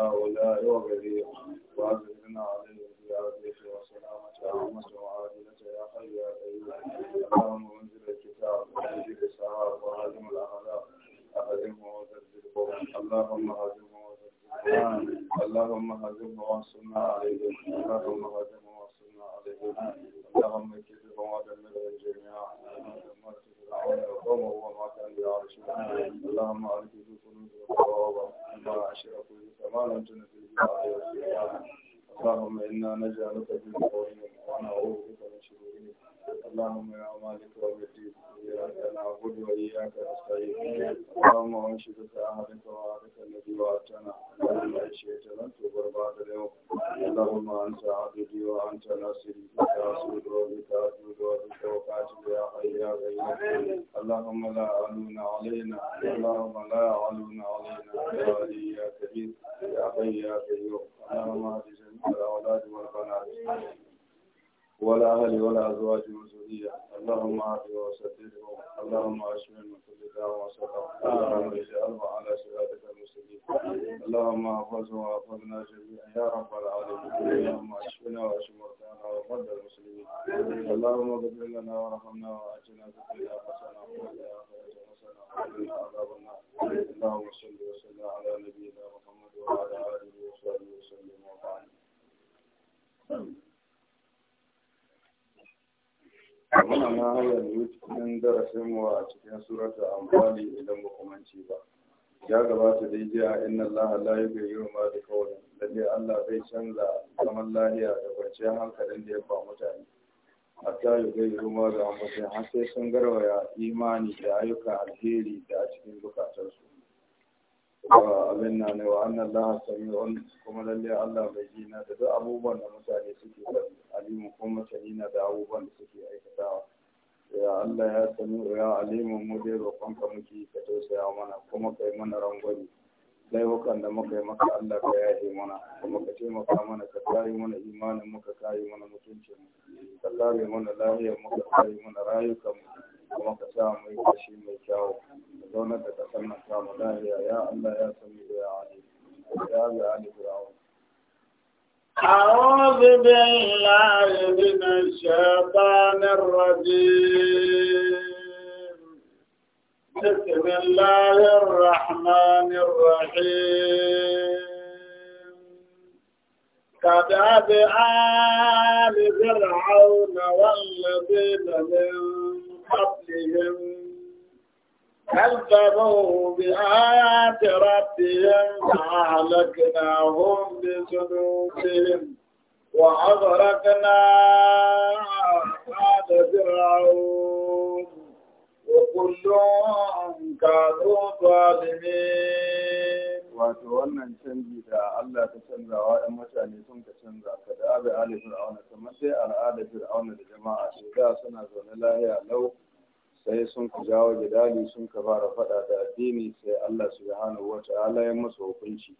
هؤلاء وبريهم وأجرنا عليهم بعافية وسلامة عامة وعادلة يا حي يا قيوم اللهم منزل الكتاب ومنزل السحاب وهادم الأخلاق أهدمه وزلزل قوم اللهم هدمه وزلزل اللهم هدمه وانصرنا عليهم اللهم هدمه وانصرنا عليهم اللهم لا علمنا علينا إلا إياك بك يا حي يا قيوم اللهم اهد جميع الأولاد والبنات والأهل والأزواج والذرية اللهم اهد وسددهم اللهم أشمل من كل داء وسقم اللهم اجعله على صراطك المستقيم اللهم احفظه واحفظنا جميعا يا رب العالمين اللهم اشفنا واشف مرضانا ومرضى المسلمين اللهم اغفر لنا وارحمنا واجعلنا في الدنيا حسنة وفي وقنا عذاب النار اللهم صل وسلم على na hanyar cikin darasinmu a cikin surata amfani idan ba kumanci ba ya gabata dai jiya inna allaha la yughayyiru ma bi da lalle Allah bai canza zaman lahiya da kwanciyar hankalin da ya ba mutane a ya zai ruma da ambatin har sai sun garwaya imani da ayyukan alheri da a cikin bukatarsu wa abin na ne wa annan laha kuma lalle Allah mai jina da duk abubuwan da mutane suke faɗi alimu kuma masani na da abubuwan da suke aikatawa ya Allah ya sami ya alimu mu dai roƙonka muke ka tausaya mana kuma kai mana rangwani. laifukan da muka yi maka Allah ka yaje mana kuma ka taimaka mana ka kare mana imanin mu ka kare mana mutuncin mu ka kare mana lafiyar mu ka kare mana rayukan mu kuma ka sa mu kashi mai kyawu ka zauna da kasar nan ta mu lafiya ya Allah ya sami da ya ali ya ga ali fir'aun أعوذ بالله من الشيطان الرجيم بسم الله الرحمن الرحيم كداب آل فرعون والذين من قبلهم كذبوا بآيات ربهم فأهلكناهم بذنوبهم وأغرقنا آل فرعون kullum kanu zalimin wato wannan canji da Allah ta canzawa 'yan mutane sun ka canza ka da abi ali fir'auna kamar sai al'ada fir'auna da jama'a ce da suna zaune lahiya lau sai sun ka jawo jidali sun ka fara faɗa da addini sai Allah subhanahu hana ta'ala ya masu hukunci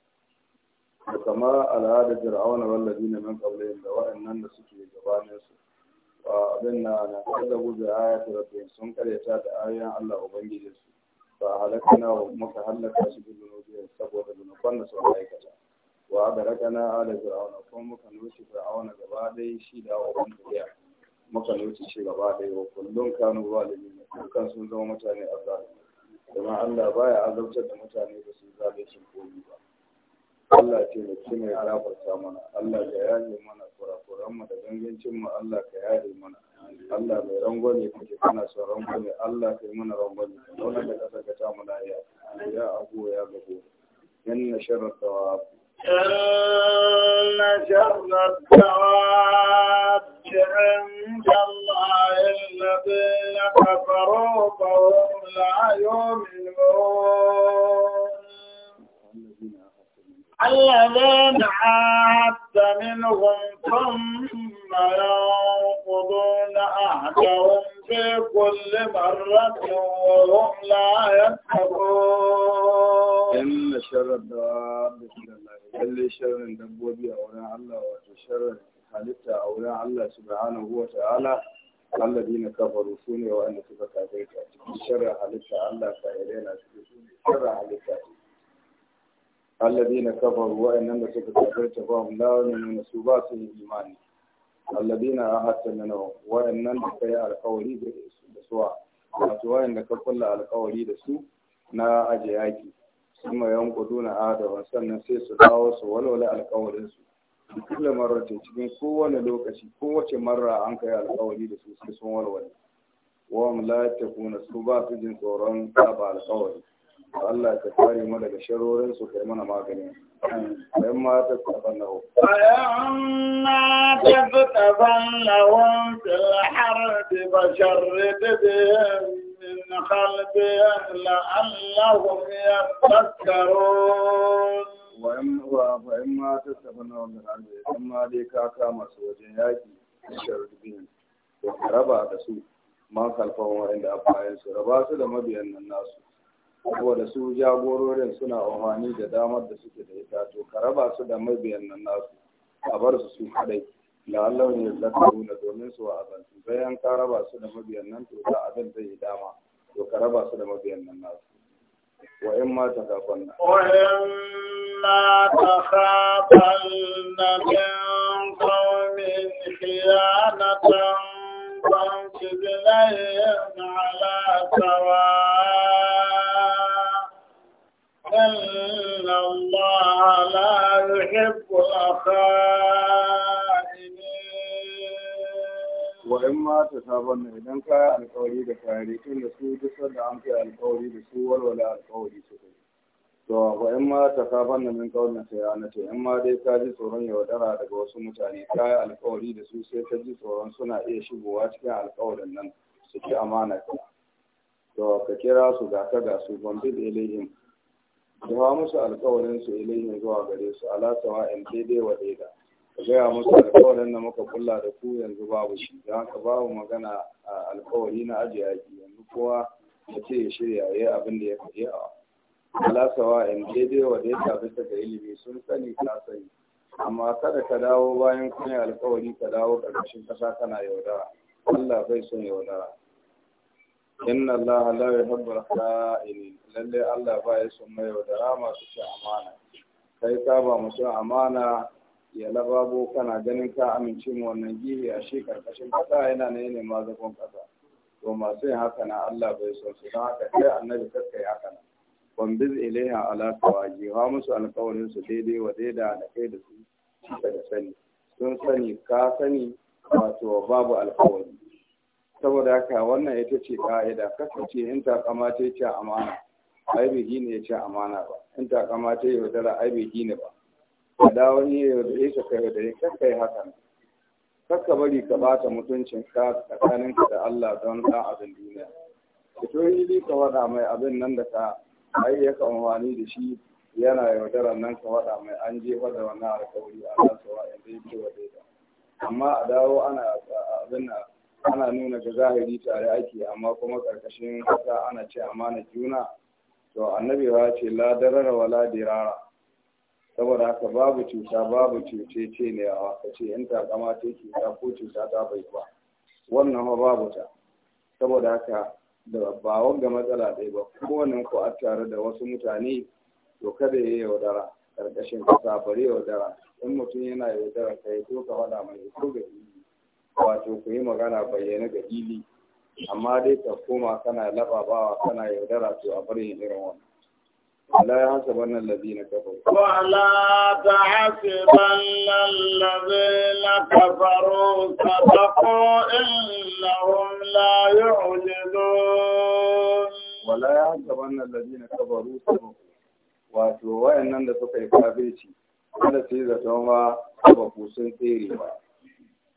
kamar al'ada fir'auna ne min ƙaule, da waɗannan da suke gabanin su abin na na kazzabu da ayatu rabbihim sun karyata da ayoyin Allah ubangijin su a halaka wa muka halaka su bi dunubi saboda dunuban da sun aikata wa adarakana ala fir'auna ko muka nuce fir'auna gaba dai shi da uban tafiya muka nuce shi gaba dai wa kullum kanu nuna, dukkan sun zama mutane azzalimi kuma Allah baya azabtar da mutane da su sun komi ba Allah ce da ce mai harafarta mana Allah ka yaje mana kurakuran da gangancin mu Allah ka yaje mana Allah mai rangwame kuke kana son rangwame Allah ka yi mana rangwame ka zauna da ƙasa ka ta mu lafiya ya abu ya gabo inna sharar dawa إن شر الدواب عند الله الذين كفروا فهم لا يؤمنون الذين عاهدت منهم ثم ينقضون عهدهم في كل مرة وهم لا يتقون. إن شر الدواب بسم الله كل شر دبوبي أولى الله وشر خالدة أولى الله سبحانه وتعالى الذين كفروا سوني وأنا سبحانه وتعالى شر خالدة الله كايرين شر خالدة الذين كفروا وإنما تكفرت فهم لا يؤمنون سباس الإيمان الذين أعدت منهم وإنما كي القولي بسوا وأتوا إن كل القولي بسوا نا أجياكي ثم ينقضون عادة وسنة سيس داوس ولولا القولي بسوا كل مرة تجين كون لوكشي كوة مرة أنك القولي بسوا سيسون ولولا وهم لا يتكون سباس جنس ورن تابع القولي الله تكاري ملك الشرور سكرمنا ماكني لما تتبنه فلما تتبنه في الحرد بشرد من خلف لعلهم يتذكرون وإما تتبنه من عندي إما ليك أكرم سوجين يأتي بشرد بهم وربا تسوء ما خلفهم عند أبائهم ربا سلم بأن الناس saboda su jagororin suna amfani da damar da suke da ita to ka raba su da mabiyan nan nasu a bar su su kadai la'allahu ne zakaru na domin su abinci bayan ka raba su da mabiyan nan to ta abin zai yi dama to ka raba su da mabiyan nan nasu wa in ma ta kafan na wa in ma ta kafan na min qawmin khiyanatan فانشد إليهم على سواء إن الله لا يحب الخائنين وإما تصابن إذن كا القولي بخيري كل سوء جسد عن في القولي بسوء ولا القولي سوء to wa in ma ta kafan da min kawai na sayana ce in ma dai ka ji tsoron yaudara daga wasu mutane ka yi alkawari da su sai ka ji tsoron suna iya shigowa cikin alkawarin nan su ci amana to ka kira su ga ka ga su ban bid ilayhim wa musu alkawarin su ilayhi zuwa gare su ala in daidai wa daida ka gaya musu alkawarin da muka kulla da ku yanzu babu shi don haka babu magana alkawari na ajiye yaki yanzu kowa ya ce ya shirya ya yi abin da ya faɗi a ala in daidai wa daida bisa ga ilimi sun sani ka sani amma kada ka dawo bayan kun yi alkawari ka dawo ƙarƙashin ƙasa kana yaudara Allah bai son yaudara inna Allah la yuhibbul kha'inin lalle Allah ba ya son mai wadara masu cin amana kai ka ba mutum amana ya lababo kana ganin ka amince mu wannan gihi a shi karkashin kasa yana ne ne ma zagon kasa to masu yin haka na Allah bai son su don haka kai annabi kakka yi haka na ban biz ilaiha ala tawaji ha musu alkawarin su daidai wa daida da kai da su da sani sun sani ka sani wato babu alkawari saboda haka wannan ita ce ka'ida kasance in ta kamata ya ce amana ai bai ya ce amana ba in ta kamata ya yaudara ai bai ba A dawo ne ya yaudare ka ka yaudare kakka kakai hakan kakka bari ka bata mutuncin ka tsakanin ka da Allah don ɗan abin duniya ka to yi ka wada mai abin nan da ka ai ya amfani da shi yana yaudarar nan ka wada mai an je da wannan alƙawari a nan sawa in dai ce wa daidai amma a dawo ana abin nan ana nuna ga zahiri tare ake amma kuma karkashin kasa ana ce amana juna to annabi ya ce la darara wala dirara saboda haka babu cuta babu cuce ce ne a wasa ce in ta kama ta cuta ko cuta ta bai ba wannan ma babu ta saboda haka da ba wanga matsala ɗaya ba kowane ku a tare da wasu mutane to kada ya yaudara karkashin kasa bari yaudara in mutum yana yaudara kai ko ka faɗa mai ko gari. wato ku yi magana bayyana ga ili amma dai ka koma kana lababawa kana yaudara to a bari irin wannan ولا يحسبن الذين كفروا ولا تحسبن الذين كفروا صدقوا إنهم لا يعجزون ولا يحسبن الذين كفروا صدقوا wato wayannan da suka yi kafirci kada su yi zaton ba sun tsere ba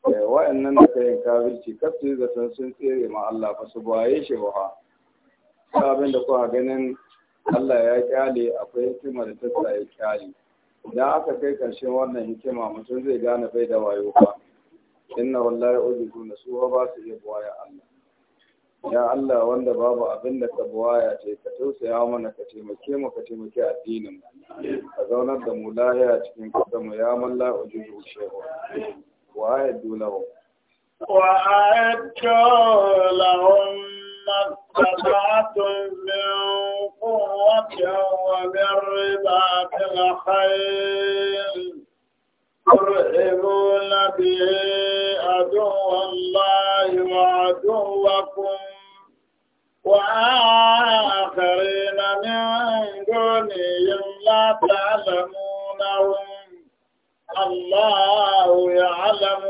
Eh, wa'annan da kayan kafirci kafin zaton sun tsere ma Allah ba su baye shi ba abin da kuma ganin Allah ya kyale akwai hikima da ta ya kyale idan aka kai karshen wannan hikima mutum zai gane bai da wayo ba inna wallahi ujibu su ba su iya buwaya Allah ya Allah wanda babu abin da ka buwaya ce ka tausaya mana ka taimake mu ka taimake addinin ka zaunar da mu lahiya cikin kasa mu ya malla ujibu shehu وأعدوا لهم وأعدوا لهم ما استطعتم من قوة ومن رباط الخيل ترهبون به عدو الله وعدوكم وآخرين من دونهم لا تعلمونهم الله يعلم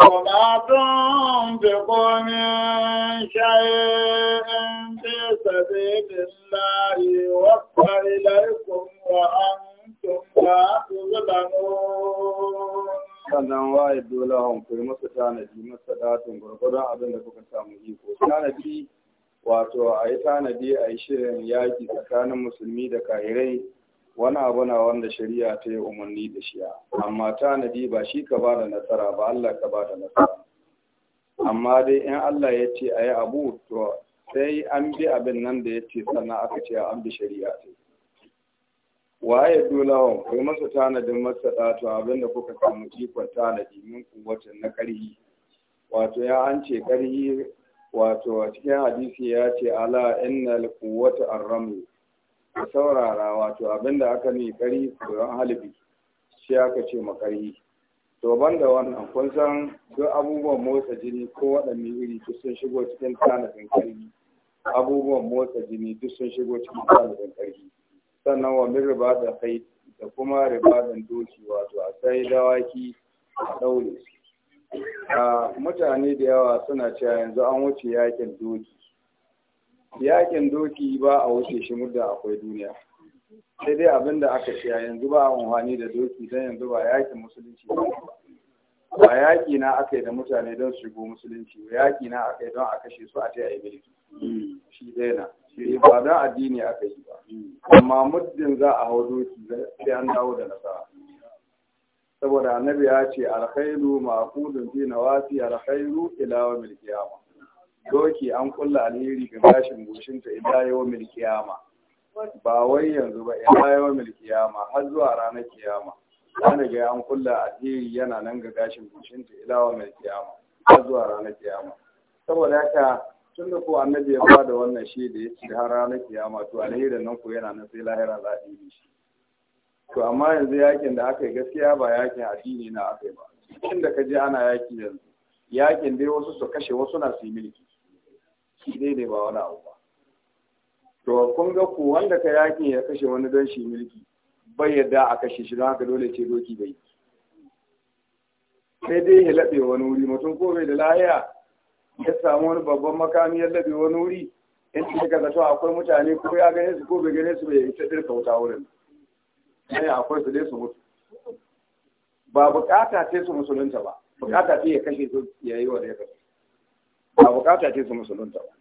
وما تنفقوا من شيء في سبيل الله يوفى إليكم وأنتم لا تظلمون sannan waye dole hon ku masa tanadi masa datin gurgurdan abin da kuka samu iko tanadi wato a yi tanadi a yi shirin yaƙi tsakanin musulmi da kahirai wani abu na wanda shari'a ta yi umarni da shi amma ta nadi, ba shi ka ba da nasara ba Allah ka ba da nasara amma dai in Allah ya ce a yi abu to sai an bi abin nan da ya ce sannan aka ce an bi shari'a ta waye dole dolawan kai masa tanadin masa dato abin da kuka samu ta tanadi min kuwatin na karhi wato ya an ce karhi wato cikin hadisi ya ce ala innal quwwata arramu ka saurara wato abinda aka ni kari koyon halibi shi aka ce makari to da wannan kun san duk abubuwan motsa jini ko waɗanne iri duk sun shigo cikin tanadin ƙarfi. abubuwan motsa jini duk sun shigo cikin tanadin ƙarfi. sannan wa min riba da kai da kuma da doki wato a sai dawaki a ɗaure ah, mutane da yawa suna cewa yanzu an wuce yakin doki yakin doki ba a wuce shi muddin akwai duniya sai dai abin da aka ce yanzu ba a amfani da doki don yanzu ba yakin musulunci ba ba yaki na aka yi da mutane don su shigo musulunci ba yaki na aka yi don a kashe su a ta yi shi dai na shi addini aka yi ba amma muddin za a hau doki sai an dawo da nasara saboda annabi ya ce alkhairu ma'qudun fi nawasi alkhairu ila yawmil doki an kulla alheri ga gashin goshinta ila yau mil kiyama ba wai yanzu ba ila yau mil kiyama har zuwa ranar kiyama an ga an kulla alheri yana nan ga gashin goshinta ila yau mil kiyama har zuwa ranar kiyama saboda haka tun da ko annabi ya bada wannan shi da ya ce har ranar kiyama to alherin nan ko yana nan sai lahira za yi shi to amma yanzu yakin da aka yi gaskiya ba yakin addini na aka yi ba tun da ka je ana yaki yanzu yakin dai wasu su kashe wasu na su yi milki yaki daidai ba wani abu ba to kun ga ku wanda ka yaki ya kashe wani don shi mulki bai yadda a kashe shi don haka dole ce doki bai sai dai ya laɓe wani wuri mutum ko bai da lahiya ya samu wani babban makami ya laɓe wani wuri in ce ka zato akwai mutane ko ya gane su ko bai gane su bai ita dirka wuta wurin sai akwai su dai su mutu ba bukata ce su musulunta ba bukata ce ya kashe su ya yi wa da ya kashe ba bukata ce su musulunta ba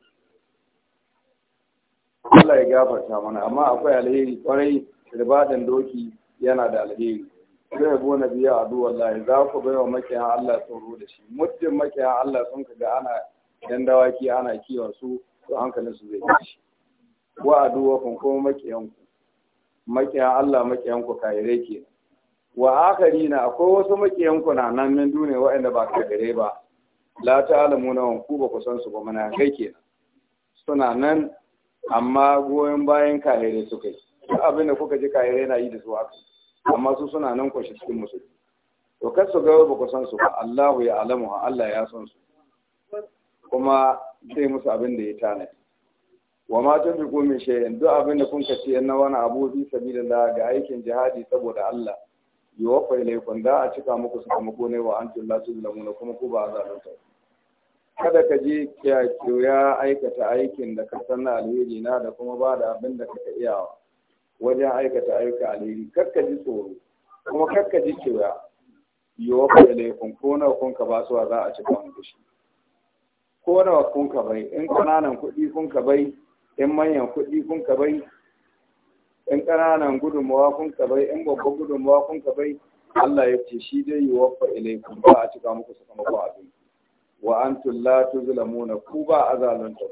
Allah ya gafarta mana amma akwai alheri kwarai ribadin doki yana da alheri zai bo na biya a wallahi za ku bai wa makiyan Allah tsoro da shi muddin makiyan Allah sun ka ga ana dan dawaki ana kiwon su to hankalin su zai tashi wa aduwa kun kuma makiyan ku makiyan Allah makiyan ku kayirai ke. wa akari na akwai wasu makiyan ku na nan min dune waɗanda ba gare ba la ta'lamuna ku ba ku san su ba mana kai kenan suna nan amma goyon bayan kahere suka yi duk abin kuka ji kahere na yi da su haka amma su suna nan kwashe cikin musu. to kar su gawo ba ku san su ba Allahu ya alamu Allah ya san su kuma zai musu abin da ya tanadi wa ma tunfiqu min shay'in duk abin da kun kace na wani abu bi sabilillah ga aikin jihadi saboda Allah yuwaffa laifin, da a cika muku sakamako ne wa antum la kuma ku ba azalunta kada ka je ya aikata aikin da ka san na alheri na da kuma ba da abin da kaka iya wajen aikata aika alheri kakka ji tsoro kuma kakka ji kyoya yiwa ka da laifin ko nawa kun ka ba suwa za a ci kan gushi ko nawa kun ka bai in ƙananan kuɗi kun ka bai in manyan kuɗi kun ka bai in ƙananan gudunmawa kun ka bai in babban gudunmawa kun ka bai Allah ya ce shi dai yiwa ka ilaikum ba a cika muku sakamako abin wa antum la tuzlamuna ku ba azalunta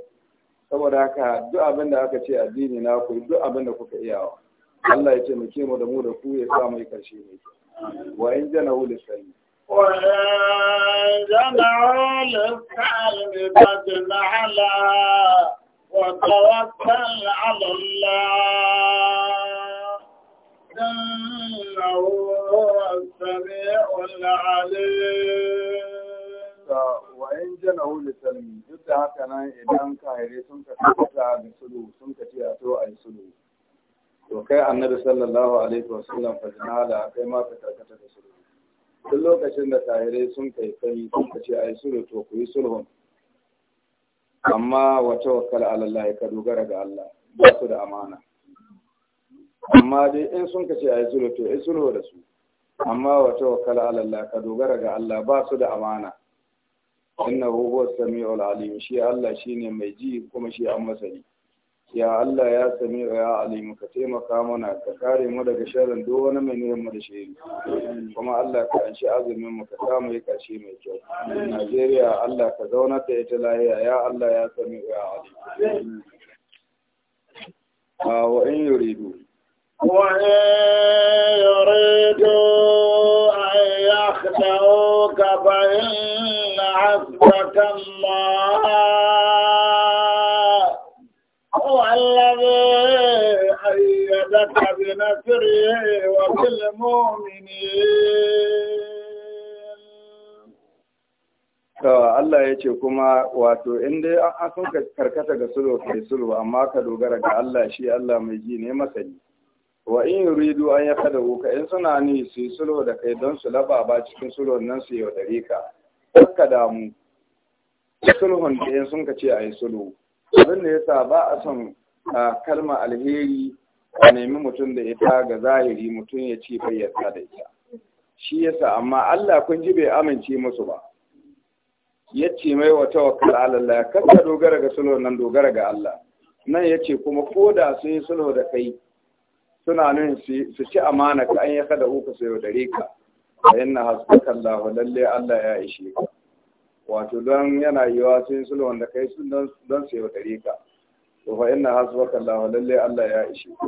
saboda haka duk abin da aka ce addini na ku duk abin da kuka iya wa Allah ya ce mu ke mu da mu da ku ya sa mai karshe ne wa in jana hu lisani wa in jana hu ala wa tawakkal ala Allah ta wayan jana da salmi duk da haka nan idan kahire sun ka tabbata da sulu sun ka ce a to a yi sulu to kai annabi sallallahu alaihi wa sallam fa da kai ma ka karkata da sulu duk lokacin da kahire sun kai kai sun ka ce a yi sulu to ku yi sulhun amma wa tawakkal ala Allah ka dogara ga Allah ba su da amana amma dai in sun ka ce a yi sulhu to yi sulhu da su amma wa tawakkal ala Allah ka dogara ga Allah ba su da amana innahu huwa samiul alim shi Allah shine mai ji kuma shi an masani ya Allah ya sami ya alim ka taimaka mana ka kare mu daga sharrin duk wani mai niyyar mu da shiri kuma Allah ka anshi azumin mu ka samu ya kashi mai kyau Najeriya Allah ka zauna ta ita lahiya ya Allah ya sami ya a wa in yuridu wa in yuridu an yakhda'uka in الله هو الذي أيدك بنصره وبالمؤمنين To Allah ya ce kuma wato in dai an sun karkata ga sulhu kai sulhu amma ka dogara ga Allah shi Allah mai ji ne masani. Wa in yuridu an ya kada ka in suna ni su yi sulhu da kai don su laba ba cikin sulhun nan su yaudare ka. Kakka damu sulhun da ya sun ce a yi sulhu abin da ya sa ba a son kalma alheri a nemi mutum da ita ga zahiri mutum ya ce bai da ita shi ya sa, amma Allah kun ji bai amince musu ba ya ce mai wata tawakkal ala Allah dogara ga sulhun nan dogara ga Allah nan ya ce kuma ko da sun yi sulhu da kai suna nan su ci amana ka an yi kada uku su yaudare ka fa inna hasbuka Allah lalle Allah ya ishe ka wato don yana yiwa sun sulhu wanda kai sun don su yi gare ka to fa hasu hasbaka lawa lalle Allah ya ishe ka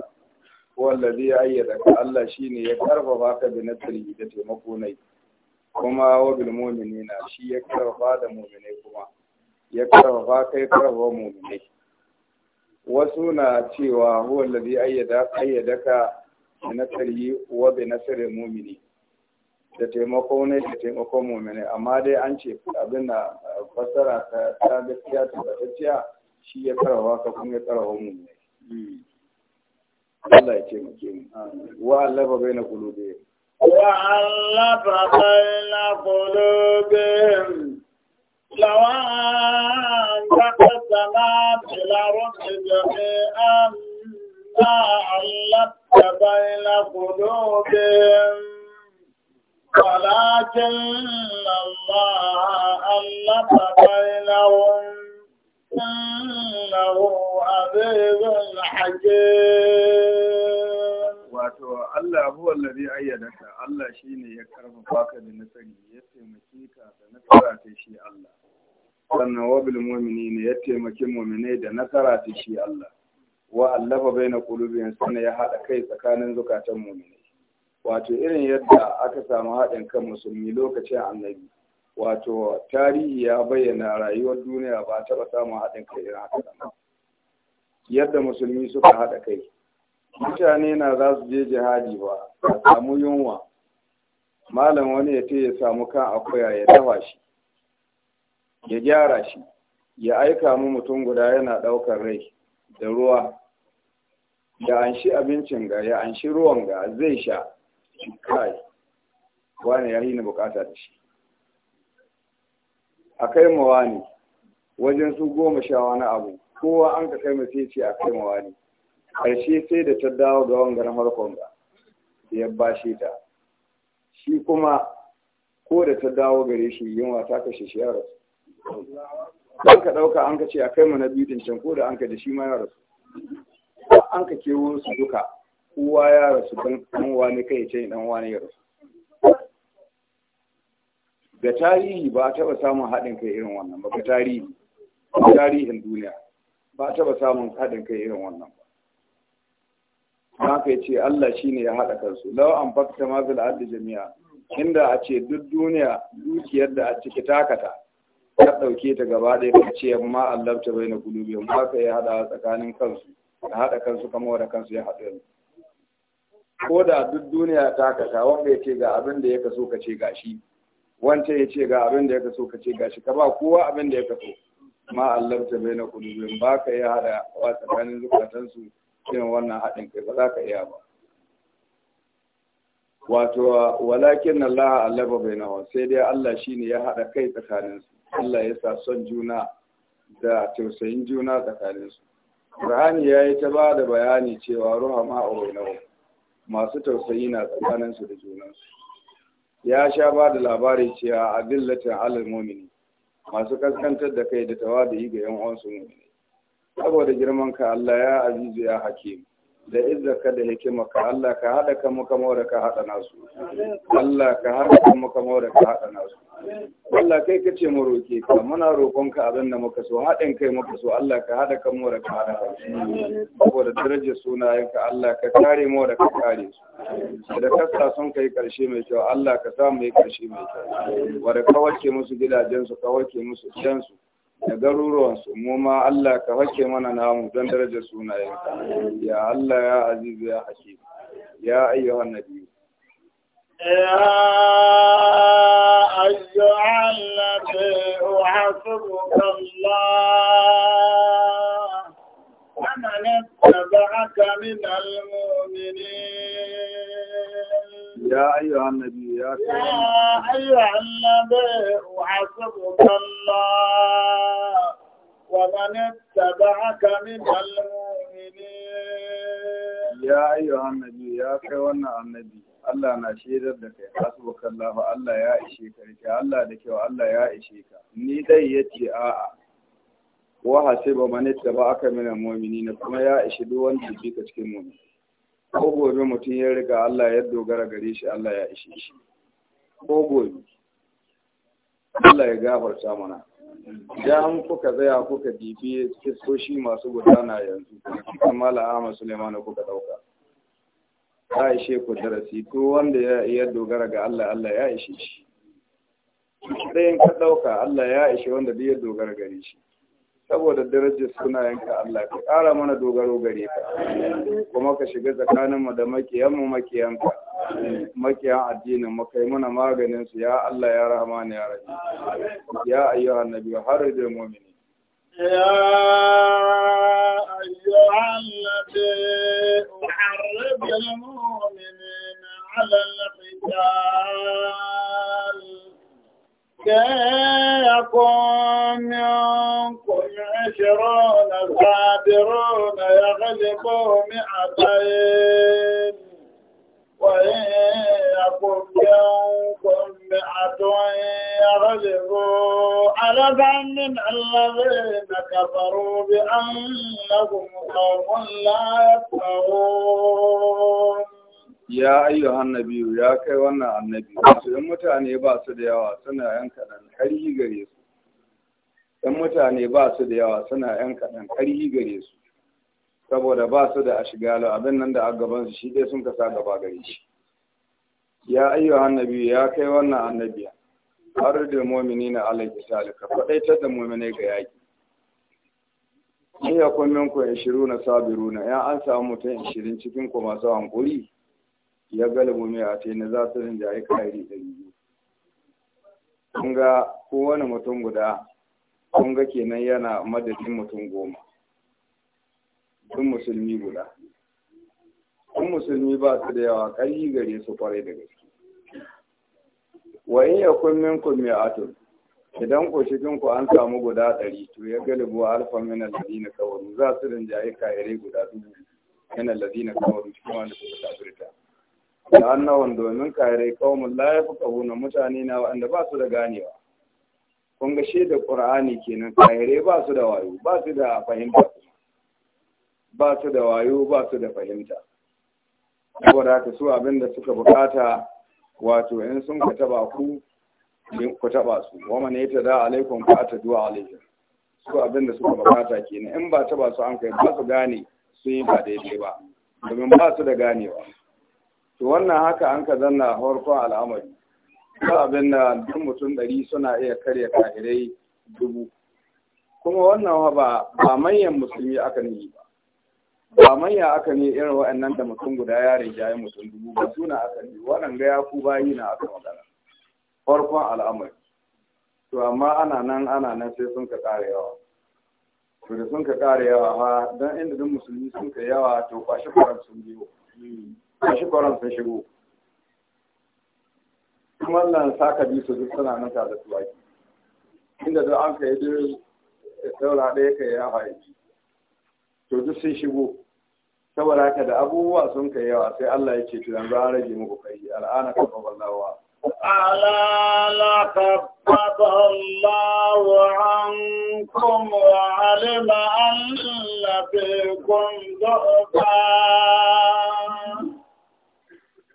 ko allazi ya ayyada ka Allah shine ya karfafa ka bi nasiri da taimako nai kuma wa bil mu'minina shi ya karfafa da mu'minai kuma ya karfafa kai karfafa mu'minai wasu na cewa huwa allazi ayyada ayyadaka bi nasri wa bi da taimako ne da taimakon ne, amma dai an ce abin da fassara ta gaskiya gaskiya shi ya karawa ka kuma ya karawa ne. Allah ya muke mu wa Allah ba bai na kulube وألف بين قلوبهم لو أنفقت ما في Allah جميعا ما ألفت ولكن الله ألف بينهم إنه عزيز حكيم wato Allah huwa alladhi ayyadaka Allah shine ya karfafa ka da nasari ya taimake ka da nasara ta shi Allah sannan wa bil mu'minina ya taimaki mu'minai da nasara ta shi Allah wa baina qulubihim sannan ya haɗa kai tsakanin zukatan mu'minai wato irin yadda aka samu haɗin kan musulmi lokacin annabi wato tarihi ya bayyana rayuwar duniya ba taɓa samun haɗin kai irin haka yadda musulmi suka haɗa kai mutane na za su je jihadi ba a samu yunwa malam wani ya ce ya samu kan akuya ya dafa shi ya gyara shi ya aika mu mutum guda yana ɗaukar rai da ruwa ya anshi abincin ga ya anshi ruwan ga zai sha kai wani ya yi na bukata da shi a kai ma wajen su goma sha wani abu kowa an ka kai mace ce a kai mawani ƙarshe sai da ta dawo ga wangar harkon da ya bashe ta shi kuma ko da ta dawo gare shi yunwa ta kashe shi ya rasu an ka ɗauka an ka ce a kai mana na can ko da an ka da shi ma ya rasu an ka kewo su duka kowa ya rasu don ɗan wani kai ce ɗan wani ya rasu ga tarihi ba a taɓa samun haɗin kai irin wannan ba ga tarihi tarihin duniya ba a taɓa samun haɗin kai irin wannan ba na kai ce Allah shi ne ya haɗa kansu lau an fakta ma fil jami'a inda a ce duk duniya dukiyar da a ciki takata ka ɗauke ta gaba ɗaya ka ce ma Allah ta bai na gulubi ma ka ya haɗa tsakanin kansu ka haɗa kansu kamar da kansu ya haɗu yanzu ko da duk duniya ta kasa wanda ya ce ga abin da ya kaso ka ce shi wancan ya ce ga abin da ya kaso ka ce gashi ka ba kowa abin da ya kaso ma Allah ta bai na kulubin ba ka iya hada wa tsakanin zukatansu irin wannan haɗin kai ba za ka iya ba wato walakin Allah ba bai nawa sai dai Allah shi ne ya haɗa kai tsakaninsu Allah ya sa son juna da tausayin juna tsakaninsu Rahani ya yi ta ba da bayani cewa ruha ma'aurai nawa masu tausayi na tsakanin su da junansu ya sha ba da labari cewa a billatin alal mumini masu kaskantar da kai da tawa yi ga yan uwansu mumini saboda girman ka Allah ya azizu ya hakim da izzaka da hikimarka Allah ka haɗa kan muka maura ka haɗa nasu Allah ka haɗa kan muka maura ka haɗa nasu Allah kai ka ce mu roƙe ka muna roƙon ka abin da muka so haɗin kai muka so Allah ka haɗa kan mora ka haɗa nasu saboda darajar sunayenka Allah ka kare mu da ka kare su da kasa sun kai ƙarshe mai kyau Allah ka samu mu yi ƙarshe mai kyau wanda ka warke musu gidajensu ka warke musu gidansu da garuruwansu mu ma Allah ka hake mana namu don darajar sunayenka ya Allah ya azizu ya hakim ya ayyuhan nabi يا أيها النبي أحسبك الله ومن اتبعك من المؤمنين يا أيها النبي يا, يا أيها النبي وحسبك الله ومن اتبعك من المؤمنين يا أيها النبي يا كيوانا النبي Allah na shaidar da kai hasbukallahu Allah ya ishe ka rike Allah da kyau Allah ya ishe ka ni dai ya ce a a wa hasiba man ba aka mina al na kuma ya ishe duk wanda ka cikin mu'mini ko gobe mutum ya riga Allah ya dogara gare shi Allah ya ishe shi ko gobe Allah ya gafarta mana an kuka tsaya kuka dibi kisoshi masu gudana yanzu kuma la'ama Suleiman kuka dauka Ya ishe ku darasi to wanda ya dogara ga Allah Allah ya ishe shi in ka ɗauka Allah ya ishe wanda bai dogara gare shi saboda darajar suna yanka Allah ka ƙara mana dogaro gare ka kuma ka shiga tsakaninmu da makiyan makiyanka makiyan addinin mu kai mana maganin su ya Allah ya rahmani ya rahim ya ayyuhan nabi harrijil mu'minin يا أيها النبي muminin, ala al qital يكن منكم عشرون صابرون يغلبوا مئتين وإن يكن منكم مئة يغلبوا ألفا من الذين كفروا بأنهم قوم لا يفقهون ya ayyu annabi ya kai wannan annabi su yan mutane ba su da yawa suna yan kaɗan ƙarhi gare su yan mutane ba su da yawa suna yan kaɗan ƙarhi gare su saboda ba su da ashigalo abin nan da a gaban su shi dai sun kasa gaba gare shi ya ayyu annabi ya kai wannan annabi har da mu'minina alaihi salika faɗaitar da mu'minai ga yaki in ya kun minku 20 na sabiruna ya an samu mutum ya cikin ku masu hankuri ya galibu mai a ce na za su rinja ya kayari ɗari biyu kun ga kowane mutum guda kun ga kenan yana madadin mutum goma Tun musulmi guda Tun musulmi ba su da yawa ƙarfi gare su kwarai da gaske wa in ya kunmi a tun idan ku cikin ku an samu guda ɗari to ya galibu alfa min alladina kawaru za su rinjaye kayare guda dubu min alladina kawaru cikin wanda suka kafirta da annawan domin kare kaumun la ya fuka mutane na wanda ba su da ganewa kun ga da qur'ani kenan kare ba su da wayo ba su da fahimta ba su da wayo ba su da fahimta saboda haka su abin da suka bukata wato in sun ka taba ku ku taba su wama ne ta da alaikum fa atadu alaikum su abin da suka bukata kenan in ba taba su an kai ba su gane sun yi ba daidai ba domin ba su da ganewa to wannan haka an ka zanna farkon al'amari ba abin da duk mutum ɗari suna iya karya kahirai dubu kuma wannan ba ba manyan musulmi aka ne ba ba manya aka ne irin wa'annan da mutum guda ya rinja ya mutum dubu ba suna aka ne ga ya ku bayi na aka magana farkon al'amari to amma ana nan ana nan sai sun ka ƙara yawa to da sun ka ƙara yawa ha don inda duk musulmi sun ka yawa to kwashe kwaran sun biyo hmm. a shi koran sun shigo kuma nan sa ka bi su duk suna nan tare da tuwaki inda da an kai duk daura ɗaya kai ya haye to duk sun shigo saboda haka da abubuwa sun kai yawa sai Allah ya ce tunan za a rage muku kai al'ana ka fa wallawa ألا wa الله عنكم وعلم أن فيكم ضعفا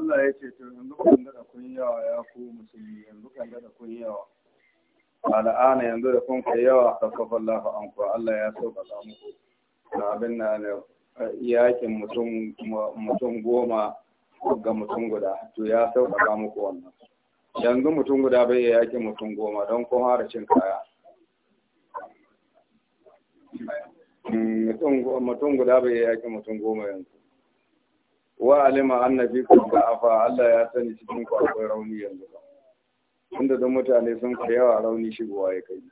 Allah ya ce to yanzu kan da kun yawa ya ku musulmi yanzu kan da kun yawa al'ana yanzu da kun kai yawa kafafa Allah an ku Allah ya sauka muku da abin na yakin mutum mutum goma ga mutum guda to ya samu ku wannan yanzu mutum guda bai yakin mutum goma don kun da cin kaya hmm, mutum guda bai yakin mutum goma yanzu wa alima annabi ku da afa Allah ya sani cikin ku akwai rauni yanzu inda duk mutane sun ka yawa rauni shigowa ya kai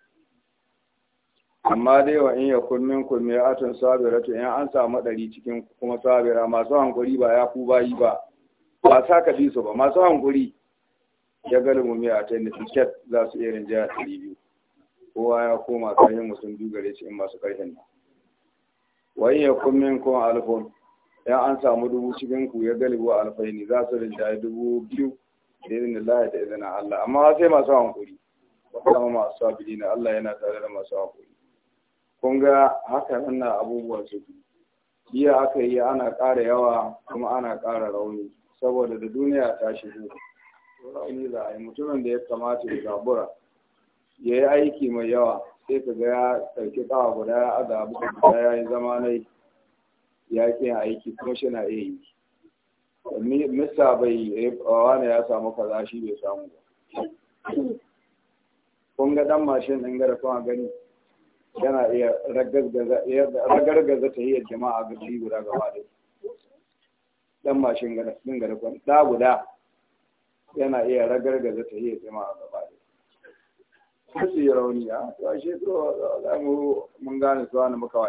amma dai wa in ya kun min kun mai atun to in an samu dari cikin kuma sabira masu hankuri ba ya ku bayi ba ba sa ka bi su ba masu hankuri ya galibu mai a tayin tiket za su iya rinjaya ɗari biyu kowa ya koma kan yin musun dugare shi in masu karhin nan wa in ya kun min kun alfon ya an samu dubu cikin ku ya galibu alfaini za su ya dubu biyu da izinin Allah da izinin Allah amma sai masu hankuri ba zama masu sabili na Allah yana tare da masu hankuri kun ga haka nan abubuwa abubuwan su jiya aka yi ana ƙara yawa kuma ana ƙara rauni saboda da duniya ta shigo rauni za a yi mutumin da ya kamata ya zabura ya yi aiki mai yawa sai ka ga ya ɗauki ƙawa guda ya aza guda ya yi zama yi ya ke aiki kuma shi na iya yi mista bai eh, wani ya samu kaza shi bai samu ba kun ga dan mashin ɗin gara kuma gani yana iya ragargaza ta hiyar jama'a ga shi guda gaba da dan mashin ɗin gara kuma da guda yana iya ragargaza ta hiyar jama'a gaba da su yi rauni a ah, to shi to za mu mun gane su wani muka wa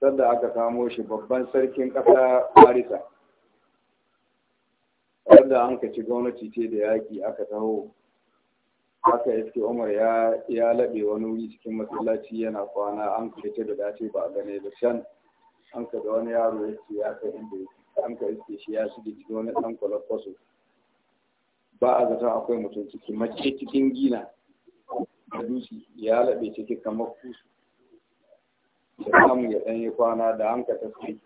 sadda aka samo shi babban sarkin ƙasa farisa Wanda an ka ci gwamnati ce da yaƙi aka taho aka iske umar ya laɓe wani wuri cikin masallaci yana kwana an ka ce da dace ba a gane da shan an ka ga wani yaro ya ce ya kai inda an ka iske shi ya shige cikin wani ɗan kwalakwaso ba a zata akwai mutum ciki mace cikin gina da dusi ya laɓe ciki kamar kusu ya samu ya ɗan yi kwana da an ka tafi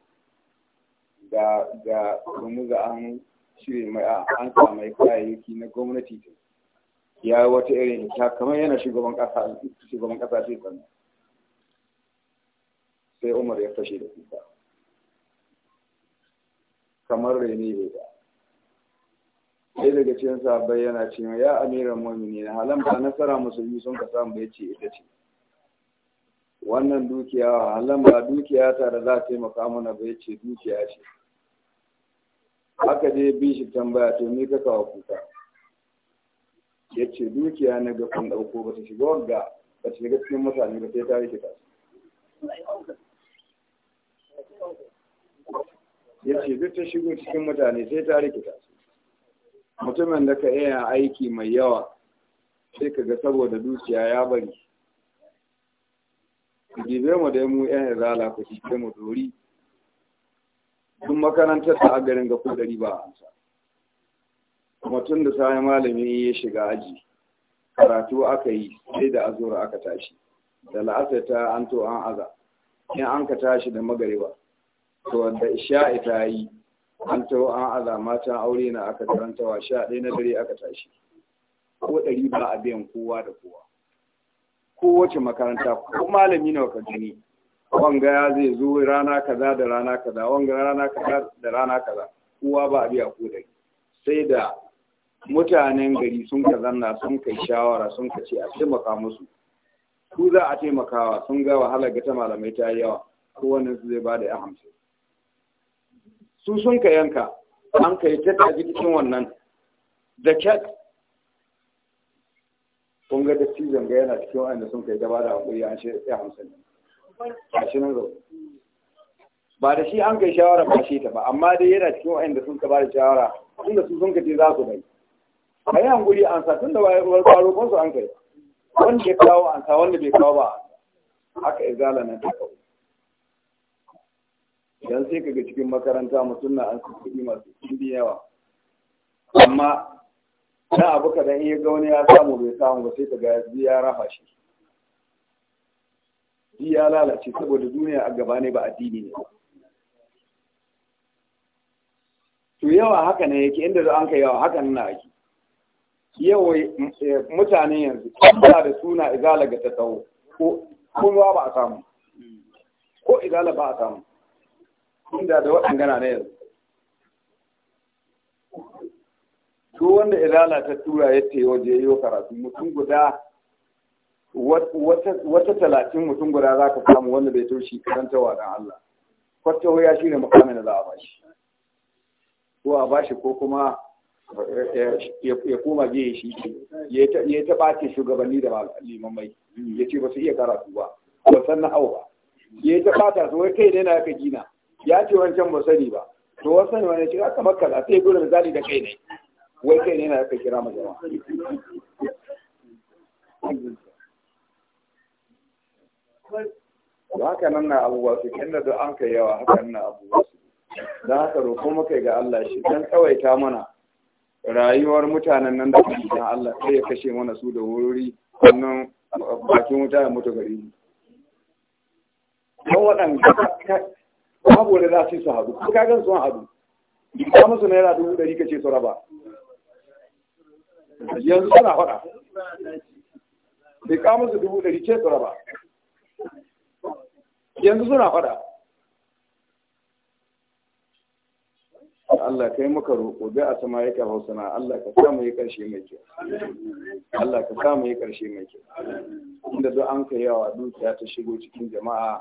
ga ga rumuza an shirya mai an sa mai kayayyaki na gwamnati ya yi wata irin ta kamar yana shugaban ƙasa shugaban ƙasa ce sannan sai umar ya fashe da kuka kamar rene ne ba sai daga cikin sabai yana cewa ya amiran mu'minin halan ba nasara musulmi sun ka samu ya ce ita ce wannan dukiya halin ba dukiya ta da za ta taimaka mana ba ce dukiya ce haka dai bi shi tambaya to ni ka kawo kuka ce dukiya na ga kun dauko ba ta shiga wadda ba ta shiga cikin mutane ba sai tare rike Ya ce duk ta shigo cikin mutane sai ta rike mutumin da ka iya aiki mai yawa sai ka ga saboda dukiya ya bari ku zai mu dai mu yan izala ku dibe mu dori duk makarantar ta a garin ga kudari ba a amsa kuma tun da sai malami ya shiga aji karatu aka yi sai da azura aka tashi da la'asar ta an to an aza in an ka tashi da magariba to da isha'i ta yi an to an aza matan aure na aka karantawa sha ɗaya na dare aka tashi ko ɗari ba a biyan kowa da kowa kowace makaranta ko malami nawa ka gani wanga ya zai zo rana kaza da rana kaza wanga rana kaza da rana kaza kowa ba a biya ko sai da mutanen gari sun ka zanna sun kai shawara sun ka ce a taimaka musu ku za a taimakawa sun ga wahala ga ta malamai ta yawa wannan su zai bada ya hamsin su sun ka yanka an kai ta tafi cikin wannan da kyat kun ga dattijan ga yana cikin wa'anda sun kai gaba da haƙuri an shirya tsaye hamsin a shi nan zaune ba da shi an kai shawara ba shi ta ba amma dai yana cikin wa'anda sun kaba da shawara inda su sun kaje za su bai a yi hankuri an sa tun da wayar ruwar kwaro kwansu an kai wanda ya kawo an sa wanda bai kawo ba haka zala nan ta kawo idan sai kaga cikin makaranta mutum na an su kuɗi masu kuɗi yawa amma na abu kadan iya ga wani ya samu bai samu ba sai ka ga ya rafa shi ji ya lalace saboda duniya a gaba ne ba addini ne to yawa haka ne yake inda za an kai yawa haka na ake yawa eh, mutane yanzu kuma da suna izala ga ta tsawo ko kuma ba a samu ko izala ba a samu inda da waɗanda na yanzu to wanda izala ta tura ya ce waje yau karatu mutum guda wata talatin mutum guda za ka samu wanda bai toshi karantawa dan Allah kwattawa ya ne mukamin da za a bashi ko a bashi ko kuma ya koma biye shi ya ta ce shugabanni da limamai ya ce ba su iya karatu ba ba san na ba ya ta ɓata su wai kai ne na aka gina ya ce wancan ba sani ba to wasu ne wani shiga kamar A sai gudu zali da kai ne wai kai ne na aka kira ma Ba haka nan na abubuwa su inda da an kai yawa haka nan na abubuwa su don haka roƙo muka ga Allah shi dan tsawaita mana rayuwar mutanen nan da kuma dan Allah sai ya kashe mana su da wuri wannan bakin wuta ya mutu gari mu waɗanda waɗanda babu wani za su yi su haɗu ko ka gan su haɗu ba musu naira dubu ɗari ka ce su raba yanzu suna faɗa bai kama su dubu ɗari ce ba yanzu suna faɗa Allah yi muka roƙo bai a sama yake na Allah ka samu yi ƙarshe mai kyau Allah ka samu yi ƙarshe mai kyau inda duk an kai yawa dukiya ta shigo cikin jama'a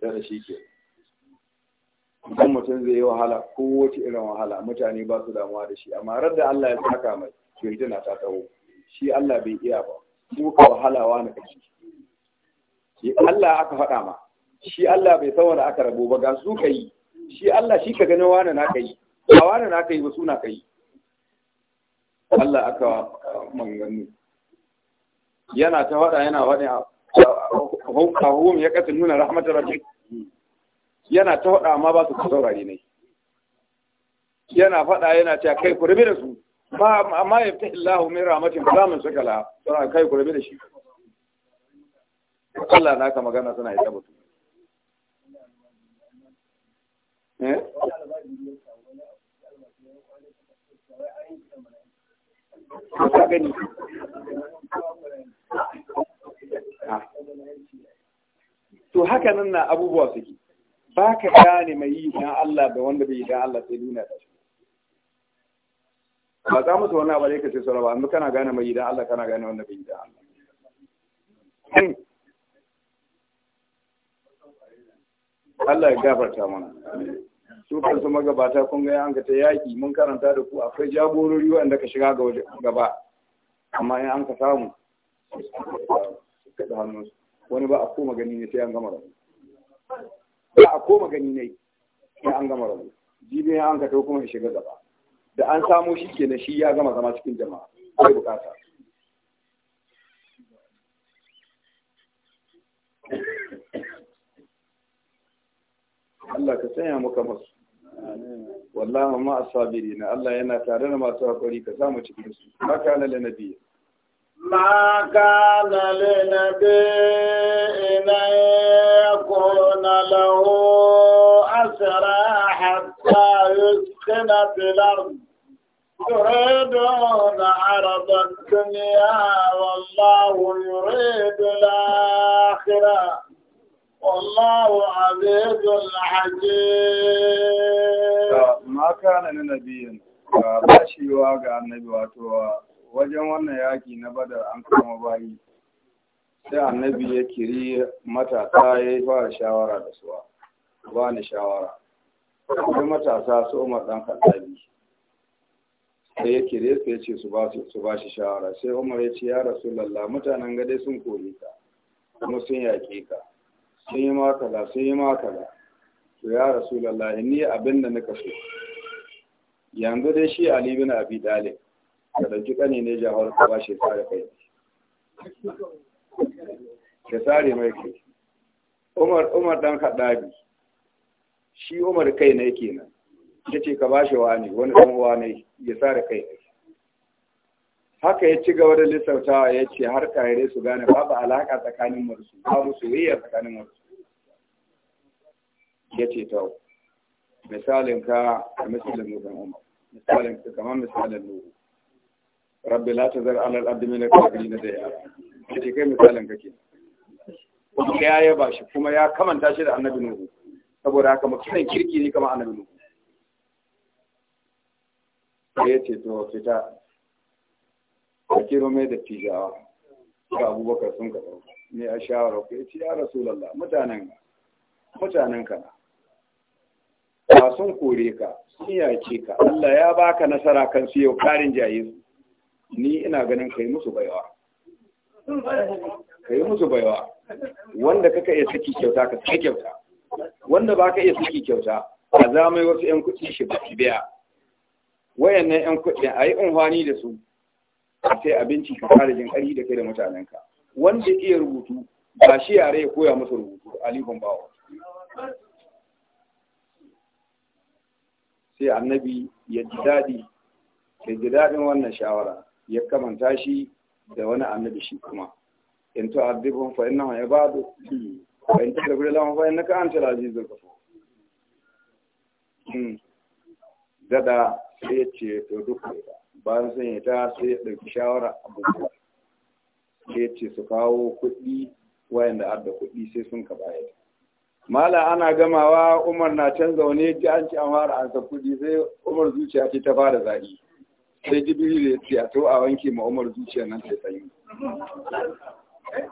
da shi ke idan mutum zai yi wahala ko wata irin wahala mutane ba su damuwa da shi amma radda Allah ya saka mai ta tsawo shi Allah bai iya ba na kashi shi Allah aka faɗa ma shi Allah bai aka rabo ba ga su kai shi Allah shi ka gani wani na kai ba wani na kai ba su na kai Allah aka yana ta faɗa yana faɗa ya nuna rahmatar rabbi yana ta faɗa amma ba su ka saurare ne yana faɗa yana cewa kai ku rabe da su ba amma ya fi Allahu min rahmatin ba za mu saka la sai kai ku bi da shi Allah na ka magana suna yi ba eh ka gani ah. to haka nan na abubuwa suke ba ka gane mai yi dan Allah da wanda bai yi dan Allah sai duniya ta shi ba za mu wani abu ka ce su ba. mu kana gane mai idan Allah kana gane wanda bai idan Allah Allah ya gafarta mana su kansu magabata kun ga an ka ta yaki mun karanta da ku akwai jagorori wanda ka shiga gaba amma in an ka samu wani ba a koma gani ne sai an gama rabu ba a koma gani ne sai an gama rabu jibi an ka to kuma shiga gaba da an samu shi kenan shi ya gama zama cikin jama'a bai bukata Allah ka sanya muka masu wallahi ma asabiri na Allah yana tare da masu hakuri ka samu cikin su haka na lanabi ما كان لنبي أن يكون له أسرى حتى يسكن في الأرض يريدون عرض الدنيا والله يريد الآخرة والله عزيز حكيم ما كان لنبي باشي واقع النبي واتوا wajen wannan yaki na badar an kama bayi sai annabi ya kiri matasa ya yi fara shawara da suwa ba ni shawara kuma matasa su umar dan kaddabi sai ya kire su ya ce su ba su ba shi shawara sai Umar ya ce ya Rasulullah mutanen gade sun kore ka kuma sun yaƙe ka sun yi makala sun yi makala to ya Rasulullah ni abin da nika so yanzu dai shi Ali bin Abi Talib da dauki kane ne jahar ka ba shi tsare kai ka tsare mai kai Umar Umar dan Khattabi shi Umar kai ne kenan ya ce ka bashi ne wani ɗan uwa ne ya sare kai haka ya ci gaba da lissautawa ya ce har kayare su gane babu alaka tsakanin marsu babu soyayya tsakanin marsu ya ce ta misalin ka a misalin nufin umar misalin ka kamar misalin nuhu rabbi la zar alal adami na kwabi na da yara ya ce kai misalin ka ke ya yaba shi kuma ya kamanta shi da annabi nuhu saboda haka mutumin kirki ne kama annabi nuhu sai ya ce to fita a kiro mai da tijawa ga abubakar sun ka ɗauka ne a shawara ku ya ce ya rasulallah mutanen mutanen ka na ba sun kore ka sun yace ka Allah ya baka nasara kan su yau karin jayi ni ina ganin kai musu baiwa kai musu baiwa wanda kaka iya saki kyauta ka sai kyauta wanda baka iya saki kyauta a zamai wasu 'yan kuɗi shi ba biya wayannan yan kuɗin a yi unhwani da su sai abinci ka fara jin ƙari da kai da mutanenka wanda iya rubutu ba shi yare ya koya masa rubutu alifin bawa sai annabi ya ji daɗi ya ji daɗin wannan shawara ya kamanta shi da wani annabi shi kuma in to azibun fa ba ibadu fa in tadbir na fa innaka antal azizul ghafur hmm. dada sai ya ce to duk bayan sun yi ta sai ya ɗauki shawara abubuwa sai ya ce su kawo kuɗi wayanda adda kuɗi sai sun ka bayar mala ana gamawa umar na can zaune ji an ci an fara an kuɗi sai umar zuciya ce ta fara zaɓi sai da ya ce a to a wanke ma umar zuciya nan sai sanyi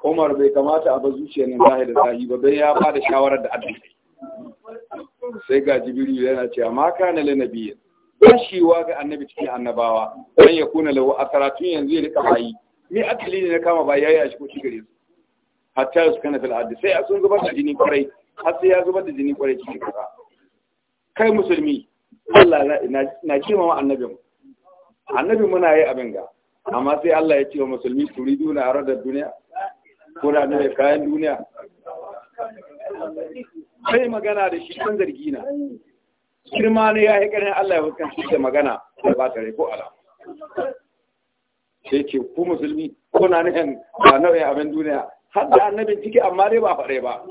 umar bai kamata a ba zuciya nan zahi da zahi ba bai ya ba da shawarar da adda sai ga jibiri yana ce amma kana lanabiyin tashewa ga annabi cikin annabawa don ya kuna lawa a karatun yanzu ya rika bayi ni akali ne na kama ba ya yi a shigo cikin su hatta su kana fil addi sai sun zubar da jini kwarai har sai ya zubar da jini kwarai cikin kasa kai musulmi Allah na kima ma annabin annabi muna yi abin ga amma sai Allah ya ce wa musulmi ridu na arar da duniya ko da da kayan duniya sai magana da shi kan zargi na girma ne ya yi ƙarin Allah ya shi da magana da ba tare ko alama sai ke ku musulmi ko na nihin ba nau'in abin duniya har da annabin ciki amma dai ba faɗai ba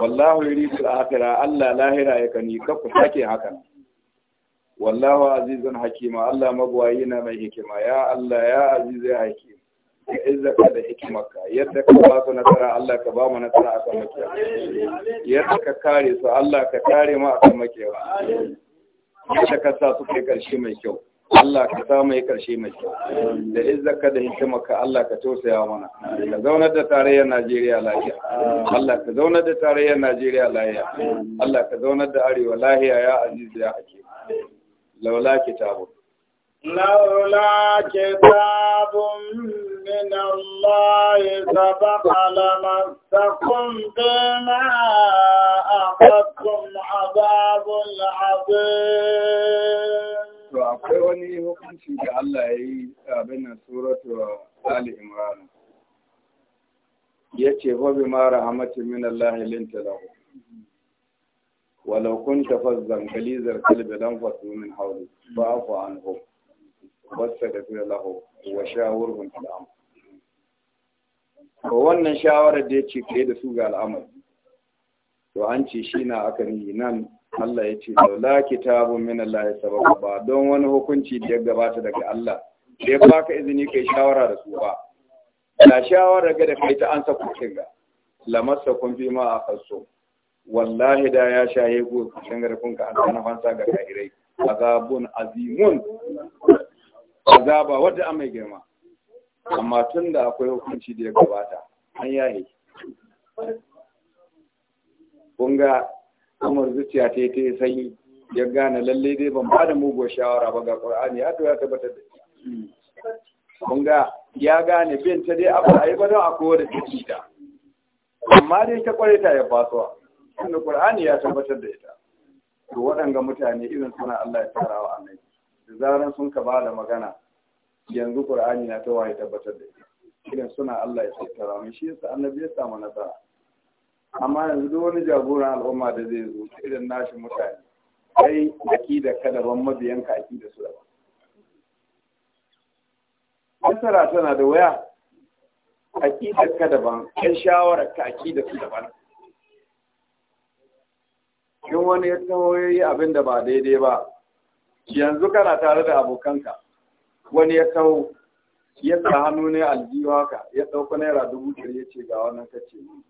wallahu yuridu a hafira. Allah lahira ya kani ka ku sake haka wallahu azizun hakima Allah magwayi na mai hikima ya Allah ya aziz ya da izzaka da hikimarka yadda ka ba su nasara Allah ka ba mu nasara a kan makewa yadda ka kare su Allah ka kare mu a kan makewa yadda ka sa su kai karshe mai kyau Allah ka sa mai karshe mai kyau da izzaka da hikimarka Allah ka tausaya mana ka zaunar da tarayyar Najeriya lafiya Allah ka zaunar da tarayyar Najeriya lafiya Allah ka zaunar da arewa lafiya ya aziz ya hakim laula kitabun laula kitabun من الله سبق لمستكم بما أخذتم عذاب العظيم وأقول لي وقت إن شاء بين سورة آل عمران يأتي هو بما رحمة من الله لنت له ولو كنت فظا غليظ القلب لانفصل من حولك فاعف عنه واستغفر له وشاورهم في الامر ko wannan shawarar da ya ce kai da su ga al'amari to an ce shi na aka nihi nan Allah ya ce laula kitabun min Allah ya ba don wani hukunci da ya gabata daga Allah da ya baka izini kai shawara da su ba da shawara ga da kai ta ansa kuke ga lamassa kun fi ma a kaso wallahi da ya shaye ku ga kun ka an na fansa ga kairai azabun azimun azaba wadda mai girma amma tun da akwai hukunci da ya gabata an yaye kunga umar zuciya ta yi ta yi sanyi ya gane lalle dai ban ba da mugu shawara ba ga ƙwar'ani ya ya tabbatar da kunga ya gane bin ta dai abu a yi bada a kowa da ciki ta amma dai ta kware ta ya fasuwa tunda ƙwar'ani ya tabbatar da ita to waɗanga mutane irin suna Allah ya tarawa annabi da zaran sun ka ba da magana yanzu qur'ani na ta waye tabbatar da idan suna Allah ya tattara mu shi yasa annabi ya samu nasara amma yanzu duk wani jagoran al'umma da zai zo idan nashi mutane kai mabiyan ka daban da su daban nasara tana da waya da ka daban kai shawarar ka da su daban Kin wani ya tawo yi abin da ba daidai ba yanzu kana tare da abokanka wani ya tau ya sa hannu ne aljihu haka ya ɗauka naira dubu ɗari ya ce ga wannan kace ne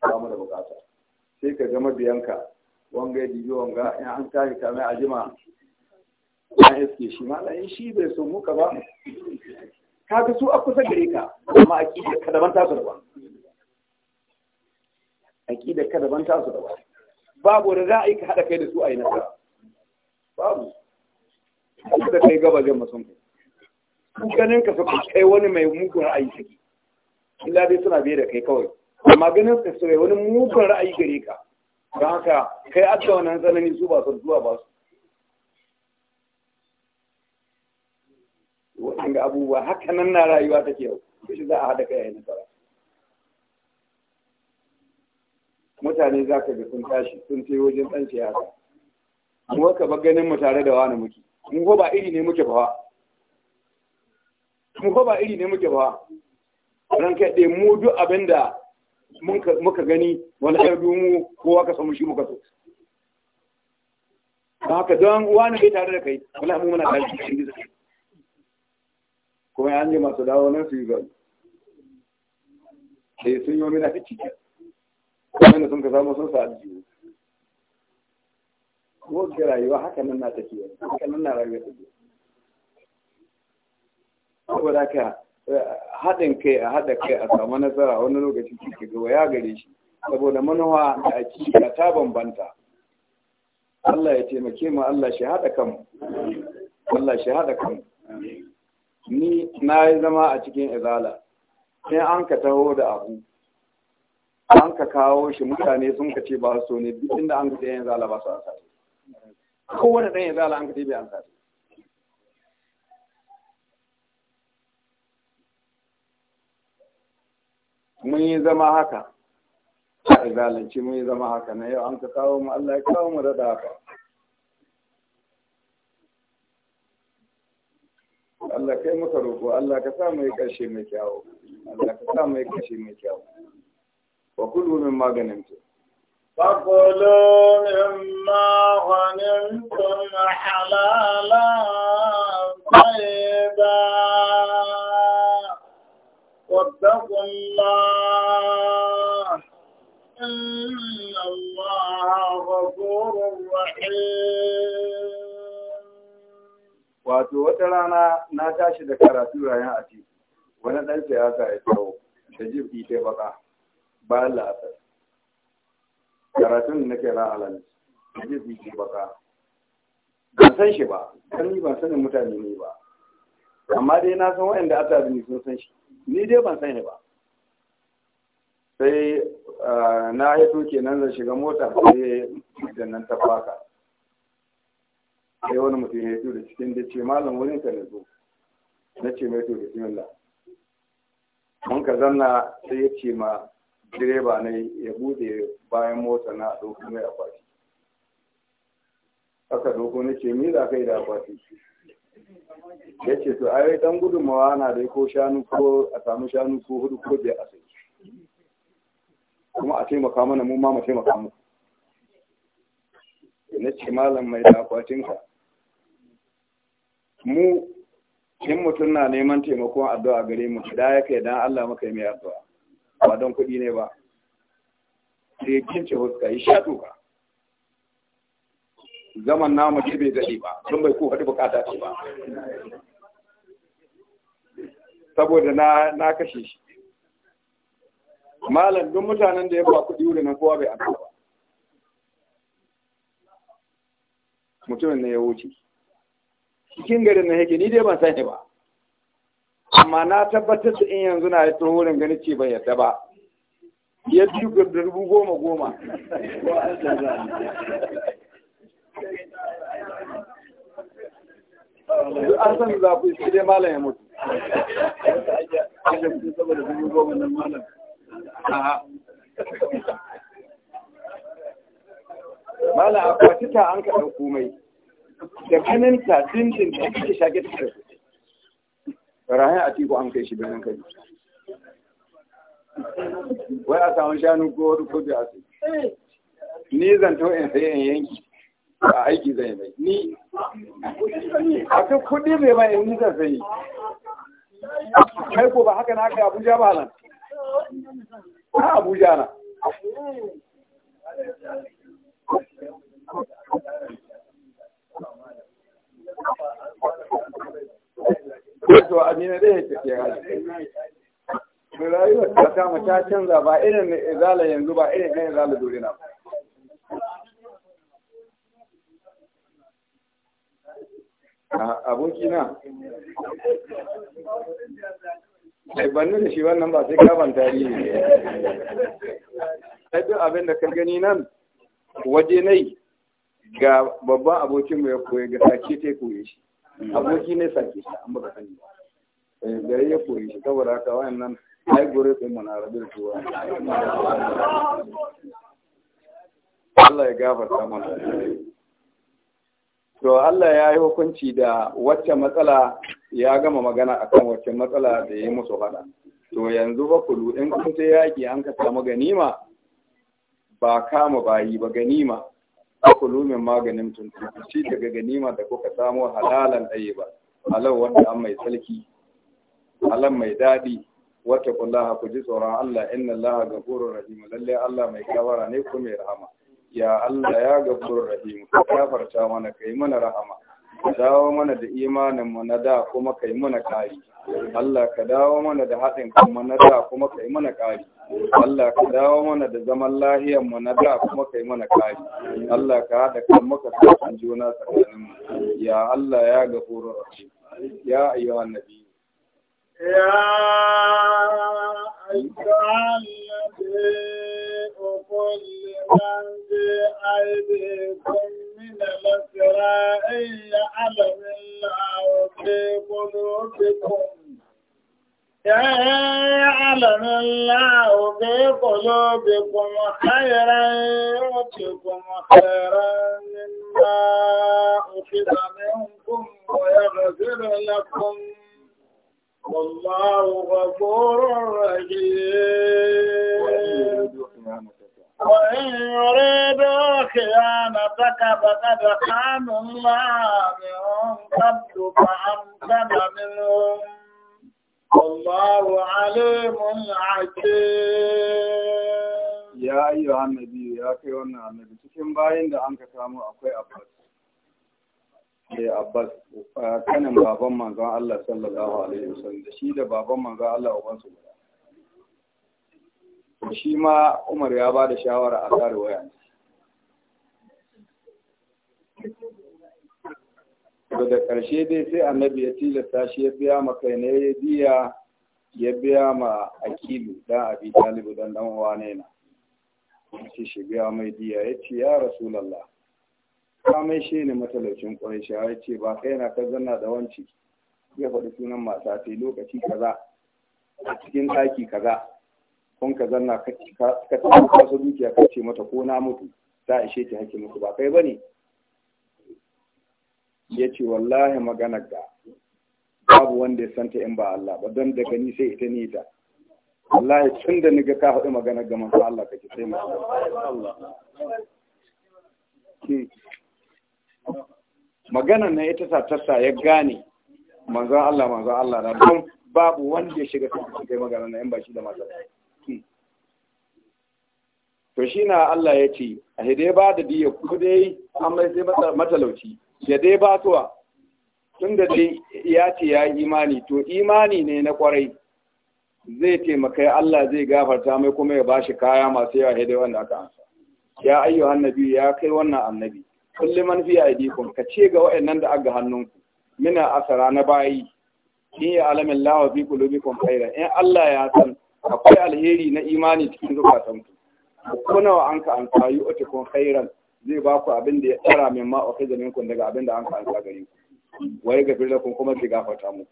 ba mu da bukata sai ka ga mabiyanka wanga ya dibi wanga in an tashi ka mai ajima an iske shi ma malayin shi bai so muka ba kaga su a kusa gare ka amma aƙida ka daban tasu daban aƙida ka daban tasu ba babu da za a yi ka haɗa kai da su a yi nasara babu da kai gabajin masun kai ganin ka suka kai wani mai mugun ra'ayi suke illa dai suna biye da kai kawai amma ganin ka suka wani mugun ra'ayi gare ka don haka kai adda wannan tsanani su ba su zuwa ba su waɗanda abubuwa haka nan na rayuwa take yau shi za a haɗa kai a nasara mutane za ka ga sun tashi sun ce wajen ɗan siyasa mu ka ba ganin mu tare da wani muke mu ko ba iri ne muke ba mu ko ba iri ne muke ba ran kai dai mu duk abinda muka gani wani ɗan mu kowa ka samu shi muka so ba haka don wani kai tare da kai wani abu muna kai da ne kuma ya ne masu dawo nan su yi ba sai eh, sun yi wani na fi ciki wanda sun ka samu sun sa wadda rayuwa haka nan na tafiya haka nan na rayuwa tafiya saboda ka eh, haɗin kai a haɗa kai a samu nasara wani lokaci ke gaba ya gare shi saboda manuwa da akida ta bambanta Allah ya taimake mu Allah shi haɗa kanmu Allah shi haɗa kanmu ni na yi zama a cikin izala sai an ka taho da abu an ka kawo shi mutane sun ka ce ba so ne duk inda an ka tsaye izala ba su kowane ɗan ya zala an ka biyar an zaɓe mun yi zama haka a zalunci mun yi zama haka na yau an ka kawo mu Allah ya kawo mu daɗa haka Allah kai muka roƙo Allah ka sa mu yi ƙarshe mai kyawu Allah ka sa mu yi ƙarshe mai kyawu wa kullu min maganin tu فكلوا مما غنمتم حلالا طيبا واتقوا الله إن الله غفور رحيم wato wata rana na tashi da karatu rayan a wani ɗan siyasa ya tsawo da jirgi ta baka bayan la'asar karatun da nake ran alamis da ji ji baka ban san shi ba kan ni ban sanin mutane ne ba amma dai na san waɗanda a ni sun san shi ni dai ban san shi ba sai na haito kenan zan shiga mota sai da nan ta faka sai wani mutum ya da cikin da ce malam wurin ka na zo na ce mai to bismillah mun ka zanna sai ya ce ma direba ne ya bude bayan mota na ɗauki mai akwati aka ɗauko na ce mi za ka yi da akwati ya ce to ai dan gudunmawa na dai ko shanu ko a samu shanu ko hudu ko biyar a sai kuma a taimaka mana mu ma mu taimaka mu na ce malam mai da akwatinka mu in mutum na neman taimakon addu'a gare mu da ya kai dan Allah maka yi mai addu'a ba don kuɗi ne ba sai ya kince huska ya sha doka zaman na ce bai daɗe ba don bai ko haɗu bukata ce ba saboda na na kashe shi malam duk mutanen da ya ba kuɗi wuri na kowa bai amsa ba mutumin ne ya wuce cikin garin na yake ni dai ban sani ba amma na tabbatar da in yanzu na yi to wurin gani ce ban yadda ba ya biyu da dubu goma goma duk an san za ku yi dai malam ya mutu malam a kwatita an ka ɗauko mai da kaninta dindin da kake shaƙe ta rahin atiku an kai shi birnin kai wai a samu shanu ko wani ko da su ni zan to in sai in yanki a aiki zai mai ni a kan kuɗi bai mai in zan sai kai ko ba haka na haka abuja ba nan na abuja na Thank you. wato amina da ya tafiya rayuwar ta kama ta canza ba irin na izala yanzu ba irin na izala dorina aboki na bannu da shi wannan ba sai kaban tarihi ne duk abin da ka gani nan waje nai ga babban abokin mai koyi ga sake ta koyi shi aboki ne sake shi an baka sani eh, gare ya koyi shi saboda haka nan ai gore din mu na rabin tuwa Allah ya gafarta mana to Allah ya yi hukunci da wacce matsala ya gama magana akan wacce matsala da ya yi musu hada to yanzu ba kulu in kun sai yaki an ka samu ganima ba kama bayi ba ganima ku lumin maganin tuntunci daga ganima da kuka samu halalan ɗaya ba halar wanda an mai tsarki halar mai daɗi wata kula ku ji tsoron Allah inna Allah gafurur rahimu lalle Allah mai kawara ne ku mai rahama ya Allah ya gafurur rahimu ka kafarta mana kai mana rahama ka dawo mana da imanin mu na da kuma kai mana kari Allah ka dawo mana da haɗin kuma na da kuma kai mana kari Allah ka dawo mana da zaman lahiyar mu na da kuma kai mana kari Allah ka haɗa kan muka kan juna tsakanin mu ya Allah ya ga gafuru ya ayyuhan nabi ya ayyuhan nabi qul liman bi aydikum من الأسراء يعلم الله في قلوبكم يعلم الله في قلوبكم خيرا يؤتكم خيرا مما أخذ منكم ويغفر لكم والله غفور رحيم وإن يريدوا خيانتك فقد خانوا الله من قبل فأمكن منهم والله عليم حكيم يا أيها النبي يا النبي cikin bayan da an ka akwai kanin baban manzon Allah sallallahu alaihi wasallam da shi da baban manzon Allah ubansu guda shi ma umar ya ba da shawara a tsari waya da ƙarshe dai sai annabi ya tilasta shi ya biya ma kai ne ya biya ya biya ma akilu dan abi talibu dan dan wane na shi shi biya mai biya ya ce ya rasulallah ka mai shi ne matalaucin ƙwarai ya ce ba kai na ka zanna da wanci ya faɗi sunan mata lokaci kaza a cikin ɗaki kaza kun ka zanna ka ka wasu dukiya ka ce mata ko na mutu ta ishe ki hake mutu ba kai bane ya ce wallahi maganar ga babu wanda ya santa in ba Allah ba don daga ni sai ita ni ta wallahi tun da ni ga ka faɗi maganar ga manzo Allah kake sai mu Magana na ita ta tassa ya gane manzo Allah manzo Allah na don babu wanda ya shiga cikin kai magana nan in ba shi da matsala to shi na Allah ya ce a hede ba da biya ku dai an mai sai matalauci ya dai ba tuwa tun da dai ya ce ya yi imani to imani ne na kwarai zai taimaka Allah zai gafarta mai kuma ya bashi kaya masu yawa hede wanda aka ansa ya ayyu annabi ya kai wannan annabi kulli man fi aidikum ka ce ga wayannan da aga hannunku mina asara na bayi in ya alamin lawa fi qulubikum khaira in Allah ya san akwai alheri na imani cikin zukatanku ko nawa an ka yi uti kun khairan zai ba ku abin da ya tsara min ma a zamin minkun daga abin da an ka amsa gare ku waye ga kun kuma ki fata muku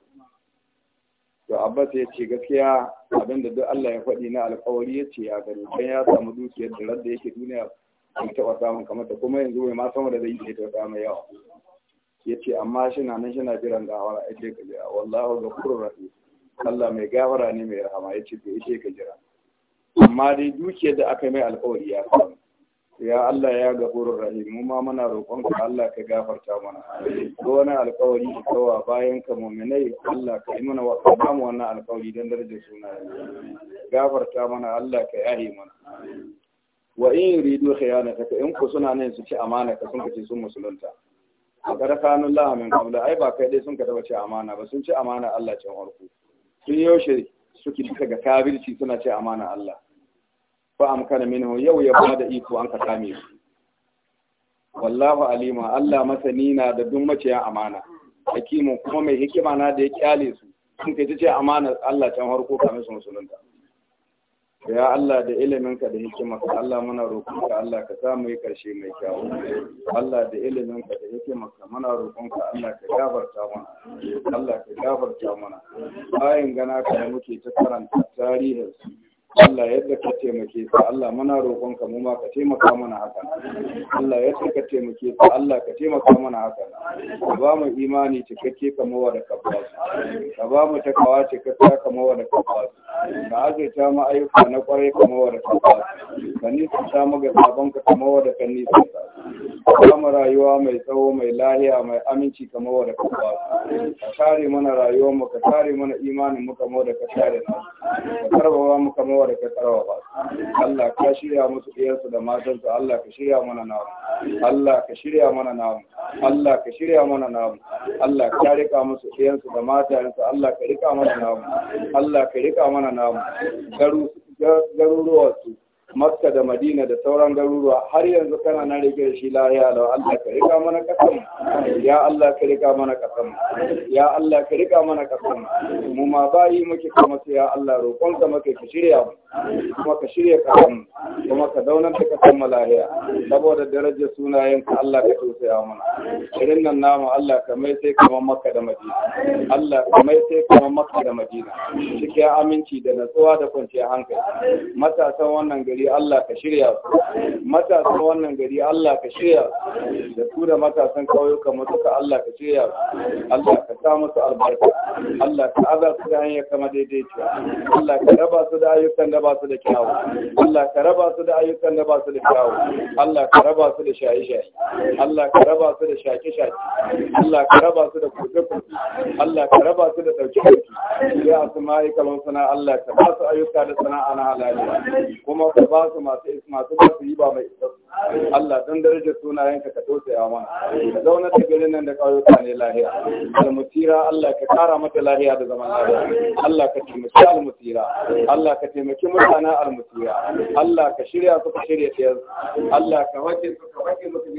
to abbas ya ce gaskiya abin da duk Allah ya faɗi na alƙawari ya ce ya gani dan ya samu dukiyar da radda yake duniya bai taɓa samun kamar ta kuma yanzu bai ma sama da zai yi ta samu yawa ya ce amma shi na nan shi na jiran da hawa a ce ka jira wallahu ghafurur rafi. Allah mai gafara ne mai rahama ya ce to ya ka jira amma dai dukiyar da aka mai alƙawari ya samu ya Allah ya gafurur rahim mu ma muna roƙonka Allah ka gafarta mana ko wani alƙawari ka kawa bayan ka mu'minai Allah ka yi mana wasa mu wannan alƙawari dan darajar suna gafarta mana Allah ka yahi mana wa in yuridu khiyanataka in ku suna nan su ci amana ka sun kace sun musulunta a karkanun laha min qabla ai ba kai dai sun ka taba ci amana ba sun ci amana Allah can warku sun yaushe suke daga kabilci suna ci amana Allah fa amkana minhu yau ya bada iko an ka same shi wallahu alima Allah masani na da mace maciya amana Hakimu kuma mai hikima na da ya kyale su sun kai ce amana Allah can harko kamin su musulunta ya Allah da iliminka da hikimarka Allah muna roƙonka Allah ka samu yi ƙarshe mai kyau Allah da iliminka da hikimarka muna roƙonka Allah ka gafarta mana Allah ka gafarta mana bayan gana ka muke ta karanta tarihin su Allah yadda ka taimake ka Allah muna roƙon ka mu ma ka taimaka mana haka Allah yadda ka taimake ka Allah ka taimaka mana haka ka ba mu imani cikakke kamawa da kabbasu ka ba mu takawa cikakka kamawa da kabbasu ka azaita mu ayyuka na kwarai kamawa da kabbasu ka nisa ta mu ga sabon ka kamawa da kan nisa ka ba mu rayuwa mai tsawo mai lahiya mai aminci kamawa da kabbasu ka kare mana rayuwar mu ka kare mana imanin mu kamawa da ka kare mu ka karbawa mu kamawa inuwa da ka ba Allah ka shirya musu ɗiyarsu da matansu Allah ka shirya mana namu Allah ka shirya mana namu Allah ka shirya mana namu Allah ka rika musu ɗiyarsu da matansu Allah ka rika mana namu Allah ka rika mana namu garuruwarsu makka da madina da sauran garuruwa har yanzu kana nan rike da shi lahiya da Allah ka rika mana kasan ya Allah ka rika mana kasan ya Allah ka rika mana kasan mu ma bayi muke kuma sai ya Allah roƙon ka muke ka shirya mu kuma ka shirya kasan kuma ka daunar da kasan mu lahiya saboda darajar sunayen ka Allah ka tausaya mana irin nan namu Allah ka mai sai kaman makka da madina Allah ka mai sai kaman makka da madina cikin aminci da natsuwa da kwanciyar hankali matasan wannan gari gari Allah ka shirya su matasan wannan gari Allah ka shirya su da su da matasan kauyuka matuka Allah ka shirya su Allah ka sa musu albarka Allah ka aza su da hanyar kama ta Allah ka raba su da ayyukan da ba su da kyawu Allah ka raba su da ayyukan da ba su da kyawu Allah ka raba su da shaye-shaye Allah ka raba su da shake-shake Allah ka raba su da kuce-kuce Allah ka raba su da ɗauki-ɗauki ya asma'ikal sana Allah ka ba su ayyuka da sana'a na halali kuma ku. ba su masu masu ba su yi ba mai isa Allah don darajar sunayenka ka tausaya mana ka zauna da garin nan da ƙauyuka ne lahiya almusira Allah ka kara mata lahiya da zaman lahiya Allah ka taimaki almusira Allah ka taimaki mutanen almusira Allah ka shirya su ka shirya su Allah ka wace su ka wace musu